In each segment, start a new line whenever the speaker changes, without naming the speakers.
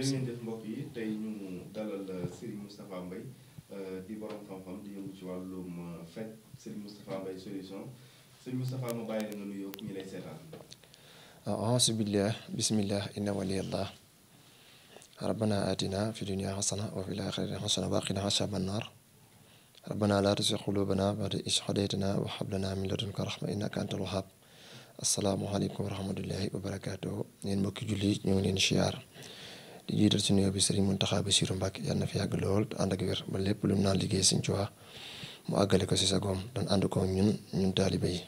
jërë ngeen jëf mbokk yi tey ñu dalal euh, Serigne Moustapha Mbaye euh, di borom xam-xam di yëngu ci wàllum euh, faj Serigne Moustapha Mbaye bàyyi la nga nuyoo ñu lay seetaan.
auzu billah bismillah inna waliyallah rabbana atina fi dunya xasana wa fil axirati xasana wa rabbana la tuzigh qulubana ba'da idh hadaytana wa hab lana min ladunka rahma innaka antal wahhab assalaamu aleykum wa rahmatullahi wa mbokki julli ñu ngi leen di si ci nuyoo bi Serigne Mountakha Bassirou Mbacké yàlla na fi yàgg lool te ànd ak wér ba lépp lu mu naan liggéey Serigne Touba mu àggale ko si sa góom doon ànd ko ñun ñun taalibe yi.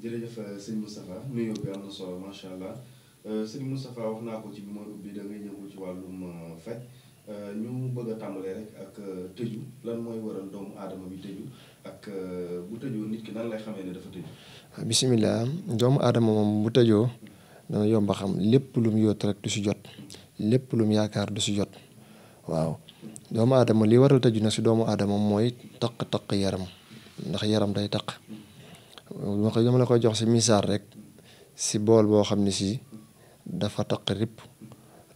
jërëjëf euh, sëñ Moustapha nuyoo bi am na solo macha allah euh, sëñ Moustapha wax naa ko ci bi ma ubbi da ngay ci wàllum euh, faj ñu bëgg a tàmbalee rek ak tëju lan mooy waral doomu aadama bi tëju ak bu tëjoo nit ki nan lay xamee ne dafa tëju.
bisimilah doomu aadama moom bu tëjoo. dana yomba xam lépp lu mu yóot rek du si jot lépp lu mu yaakaar du si jot waaw doomu aadama li waral taju na si doomu aadama mooy taq-taq yaram ndax yaram day taq ma ko la koy jox si misaal rek si bool boo xam ne si dafa taq ripp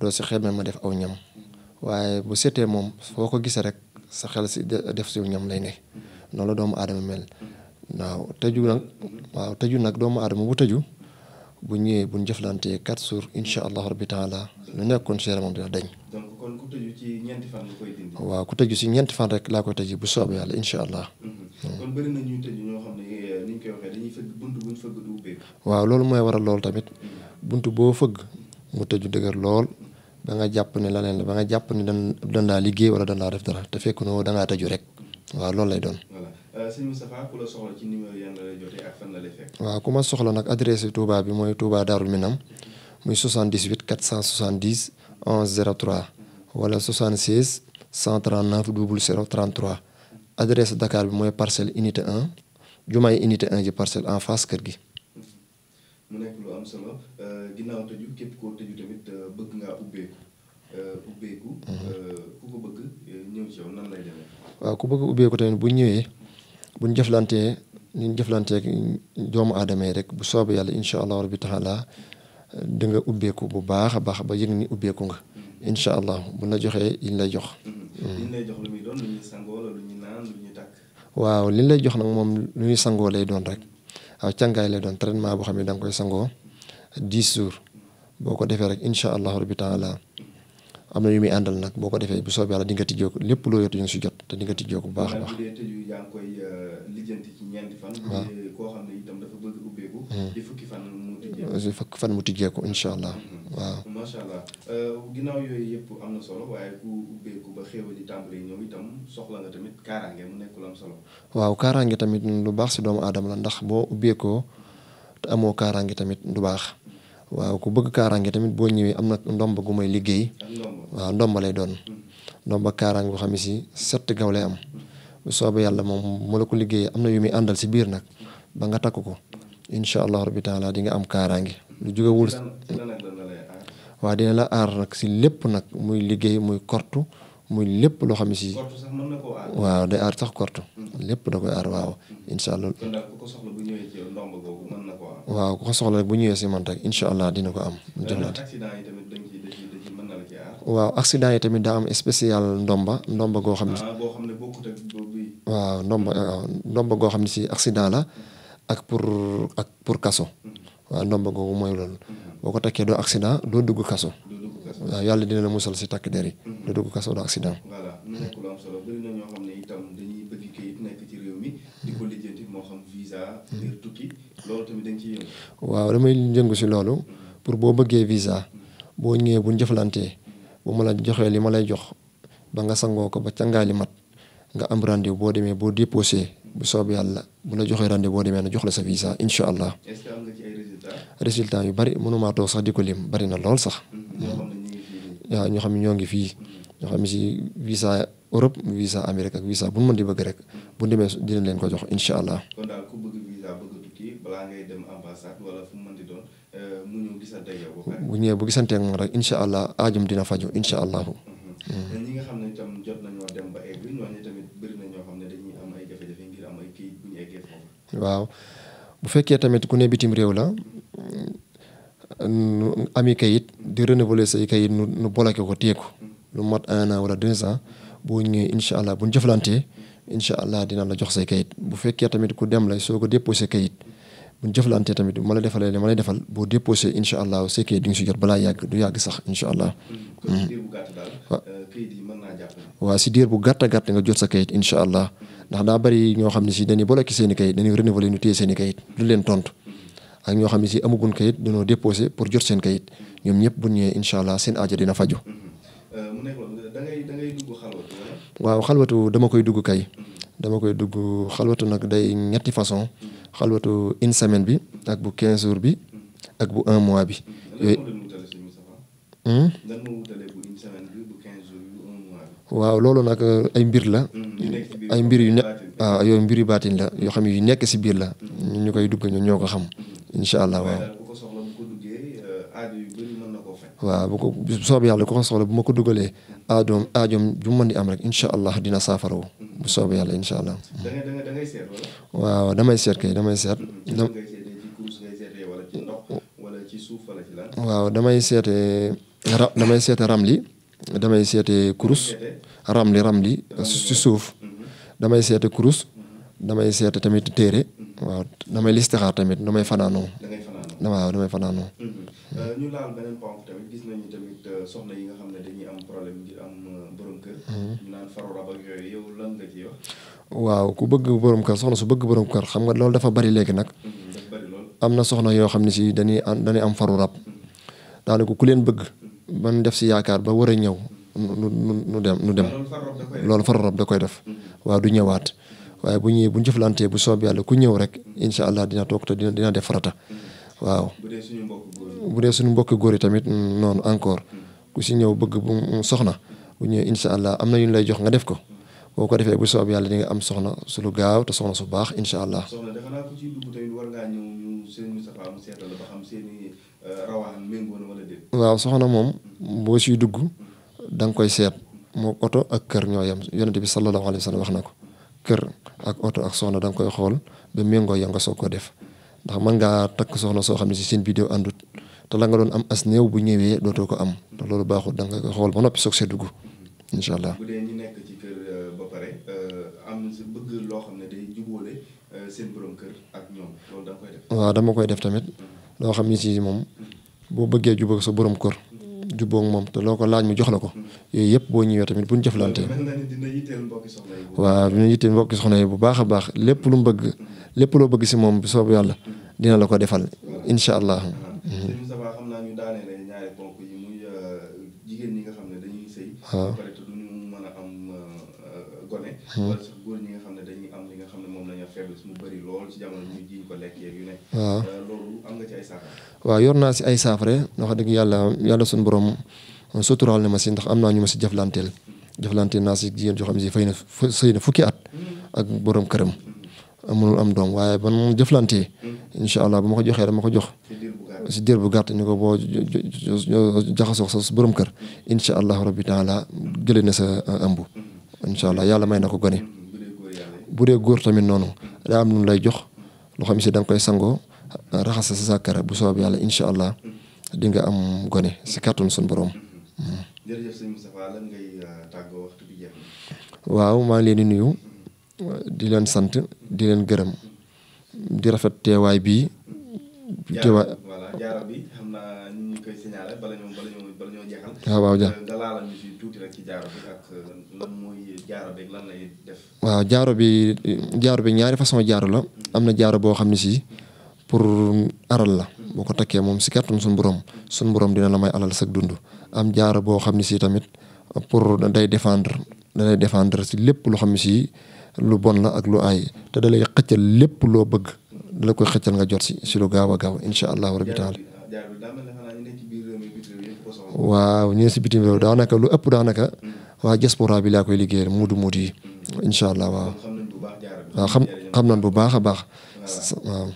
doo si xeme ma def aw ñam waaye bu setee moom foo ko gisee rek sa xel si def si ne noonu la doomu aadama mel waaw tëju nag waaw tëju nag doomu aadama bu tëju bu ñëwee bu ñu jëflantee quatre jours incha allahu rabbi taala lu nekkoon si yaramam dina dañ.
donc kon ku tëju ci ñeenti fan nga
waaw ku tëju si ñeenti fan rek laa koy tëji bu soobee yàlla incha allah. Mm-hmm. Eh, waaw loolu mooy waral loolu tamit mm-hmm. buntu boo fëgg mu tëju dëgër lool ba nga jàpp ne leneen la ba nga jàpp ni dan dan daa liggéey wala dan daa def dara te fekk na da ngaa tëju rek waaw loolu lay doon
Euh, sëñ Moustapha ku la soxla ci numéro yan la jotee ak fan la lay fekk.
ku ma soxla nag adresse bi bi mooy Touba Darou Minam muy 78 470 11 03 wala 76 139 00 33 adresse Dakar bi mooy parcelle unité 1 jumaay unité 1 ji parcelle en face kër gi.
mu nekk lu am solo euh, ginnaaw tëju képp koo tëju tamit euh, bëgg ngaa ubbeeku ubbeeku. Mhm. ku ko bëgg ñëw ci yow nan lay
demee. ñëwee. buñ jëflantee ni ñu jëflanteek doomu aadama yi rek bu soobee yàlla incha allah rabbi taala di nga ubbeeku bu baax a baax ba yëg ni ubbeeku nga incha allah bu la joxee liñ lay jox.
sangoo mm-hmm.
wala lu ñuy lay jox nag moom lu sangoo lay doon rek waaw càngaay lay doon traitement boo xam ne da nga koy sangoo dix jours boo ko defee rek incha allah rabbi taala am na yu muy àndal nag boo ko defee bu soobee yàlla di nga tijjoo lépp loo yor di nga si jot te di nga tijjoo bu baax a baax.
fan. waaw ah. eh, koo xam hmm. hmm.
waaw macha euh, kaaraange waaw kaaraange tamit lu baax si doomu aadama la ndax boo ubbeekoo te amoo kaaraange tamit du baax. waaw ku bëgg kaaraange tamit boo ñëwee am na ndomba gu may liggéey. waaw ndomba lay doon. Hmm. ndomba kaaraange boo xam ne si set gaw am. bu yàlla moom mu la ko liggéeyee am na yu muy àndal si biir nag ba nga takk ko incha allah rabbi taala di am kaaraange lu jugewul waaw dina aar si lépp nag muy liggéey muy kortu muy lépp loo xam ne si waaw day aar sax kortu lépp da koy aar waaw incha allah ko soxla rek bu ñëwee si dina ko am joxlaat waaw accident daa am spécial ndomba ndomba goo xam waaw ndomba goo xam ne si accident la ak pour ak pour kaso waaw ndomba googu mooy loolu boo ko takkee doo accident doo dugg kaso yàlla dina la musal si takk der yi mm-hmm. kaso doo accident voilà mm-hmm. damay yëngu si loolu mm-hmm. pour boo bëggee visa boo ñëwee bu ñu jëflantee bu ma la joxee li ma lay jox ba nga sangoo ko ba cangaay li mat nga am rendez-vous boo demee boo déposé bu soob yàlla bu la joxee rendez boo demee na jox la sa visa incha allah. est-ce yu bari mënumaa sax di ko lim bari na lool sax. Mm-hmm. waaw ñoo xam ne ñoo ngi fii. Mm-hmm. ñoo xam ne si visa Europe visa Amérique ak visa bu mu mën di bëgg rek bu demee dina leen ko jox incha allah. kon daal ku bëgg euh, ñëwee bu gisante ak rek incha allah aajum dina faju incha allah. waaw bu fekkee tamit ku ne bitim réew la nu mm, ami kayit di renouveler say kayit nu nu bloqué ko téye ko lu mat un an wala deux ans boo ñëwee incha allah bu ñu jëflantee incha allah dina la jox say kayit bu fekkee tamit ku dem la soo ko déposé kayit bu ñu jëflantee tamit bu ma la defalee li ma lay defal boo déposé incha allah say kayit di nga si jot balaa yàgg du yàgg sax incha allah. waa mm-hmm. mm-hmm. si diir bu gàtt daal. Euh, gàtt nga jot sa kayit incha allah. ndax daa bari ñoo xam ne si dañuy bloqué seen i kayit dañuy renouveler ñu téye seen i kayit du leen tontu ak ñoo xam ne si amagun kayit dañoo déposé pour jot seen kayit ñoom ñëpp bu ñëwee incha allah seen dina faju mu dama koy dugg kay dama koy dugg xalwatu nag day ñetti façon xalwatu une semaine bi ak bu quinze jours bi ak bu un mois bi hmm? waaw loolu nag ay mbir la hmm. ay mbir yu ne waaw yooyu mbir yu baatin la yoo xam ne yu nekk si biir la ñun ñu koy dugg ñun ñoo ko xam mm-hmm. incha allah waaw bu ko soobee yàlla ku ko soxla bu ma ko dugalee aadoom aajoom ju mu di am rek incha allah dina saafarawu mm-hmm. bu soobee yàlla incha allah.
da ngay da ngay seet wala.
waaw damay seet kay damay seet. Mm-hmm. waaw damay seete kurus ramli ramli si suuf damay seete kurus damay seete tamit téere waaw damay listixaar tamit na may waaw damay fanaanoo
mm-hmm. euh, gis nañu euh, euh, mm-hmm.
waaw ku bëgg borom kër soxna su bëgg borom kër xam nga loolu dafa bari léegi nag mm-hmm, am na soxna yoo xam ne si dañuy dañuy am faru rab daanaka ku leen bëgg ban def si yaakaar ba war a ñëw nu nu dem nu dem loolu far rob da koy def waaw du ñëwaat waaye bu ñuy bu ñu jëflantee bu soob yàlla ku ñëw rek incha allah dina toog te dina dina def farata waaw bu dee suñu mbokk góor yi tamit noonu encore ku si ñëw bëgg bu soxna bu ñëwee incha allah am na yu ñu lay jox nga def ko boo ko defee bu soob yàlla di nga am soxna su lu gaaw te soxna su baax incha allah. soxna
naa ku ci dugg euh,
waaw soxna moom boo siy dugg da nga koy seet moo oto ak kër ñoo yem yonente bi sallallahu alayhi wa wax na ko kër ak oto ak soxna da nga koy xool ba méngoo ya nga soog ko def ndax mën ngaa takk soxna soo xam ne si seen vidéo àndut te la nga doon am as néew bu ñëwee dootoo ko am te loolu baaxul da nga koy xool ba noppi soog see dugg incha allah.
am loo xam ne day euh, waaw
dama koy def tamit mm. loo xam ne si moom mm. boo bëggee jubóog sa borom kër. Mm. jubóog moom te loo ko laaj mu jox la ko. yooyu yëpp boo ñëwee tamit bu ñu jëflante. waaw dina yitteel mbokki soxna yi bu baax a baax lépp lu mu bëgg lépp loo bëgg si moom bu soobu yàlla dina la ko defal incha allah. Ah.
Mm-hmm. Euh, waaw. waaw
euh, waaw yor naa si ay saafara wax dëgg yàlla yàlla suñ borom euh, suturaal na ma si ndax am naa ñu ma si jëflanteel jëflanteel naa si jigéen joo xam ne si fay na sëy na fukki at ak borom këram mënul am doom waaye ban moom jëflantee incha allah bu ma ko joxee ma ko jox si diir bu gàtt ñu ko boo jaxasoo sa borom kër incha allah rabbi taala jëlee na sa euh, ëmb incha allah yàlla may na ko gone bu dee góor tamit noonu daa am nun lay jox loo xam si da koy sangoo raxas sa sàkkara bu soob yàlla incha allah dinga am gone si kàttanu suñu borom. jërëjëf euh, waaw maa leen di nuyu di leen sant di leen gërëm di rafet teewaay bii. teewaay bi waaw waaw euh, waaw jaaro bi jaaro bi ñaari façon jaaro la am na jaaro boo xam ne si pour aral la boo ko takkee moom si kàttan suñ borom suñ borom dina la may alal sag dund am jaaro boo xam ne si tamit pour day défendre dalay défendre si lépp loo xam ne si lu bon la ak lu aay te dalay xëccal lépp loo bëgg dala koy xëccal nga jot si si lu gaaw a gaaw incha allahu rabi taala waaw ñu ne si bitim réew daanaka lu ëpp daanaka mm. waaw diaspora bi laa liggéey liggéeyal muudu muudu yi incha allah waaw. waaw xam xam bu baax a baax. waaw.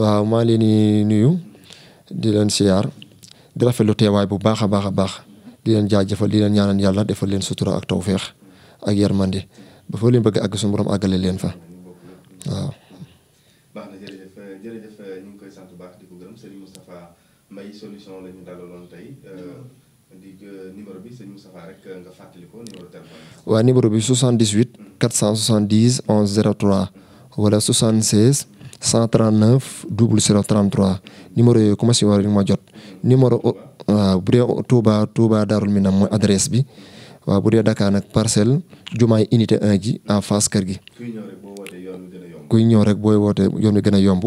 waaw maa leen nuyu di leen siyaar di rafetlu teewaay bu baax a baax a baax di leen jaajëfal di leen ñaanal yàlla defal leen sutura ak tawféex ak yërmande ba fa leen bëgg àgg suñu àggale leen fa ko gërëm Serigne di euh, numéro bi sëñ Moustapha rek euh, nga fàttali ko numéro téléphone. waaw numéro bi 78 470 11 03 wala 76 139 0033 numéro yooyu ku jot numéro waaw bu dee Touba Touba Darou Minam mooy adresse bi waaw bu dee Dakar nag parcelle jumaay unité 1 ji en face kër gi. kuy ñëw rek boo wootee yomb booy wootee yoon gën a yomb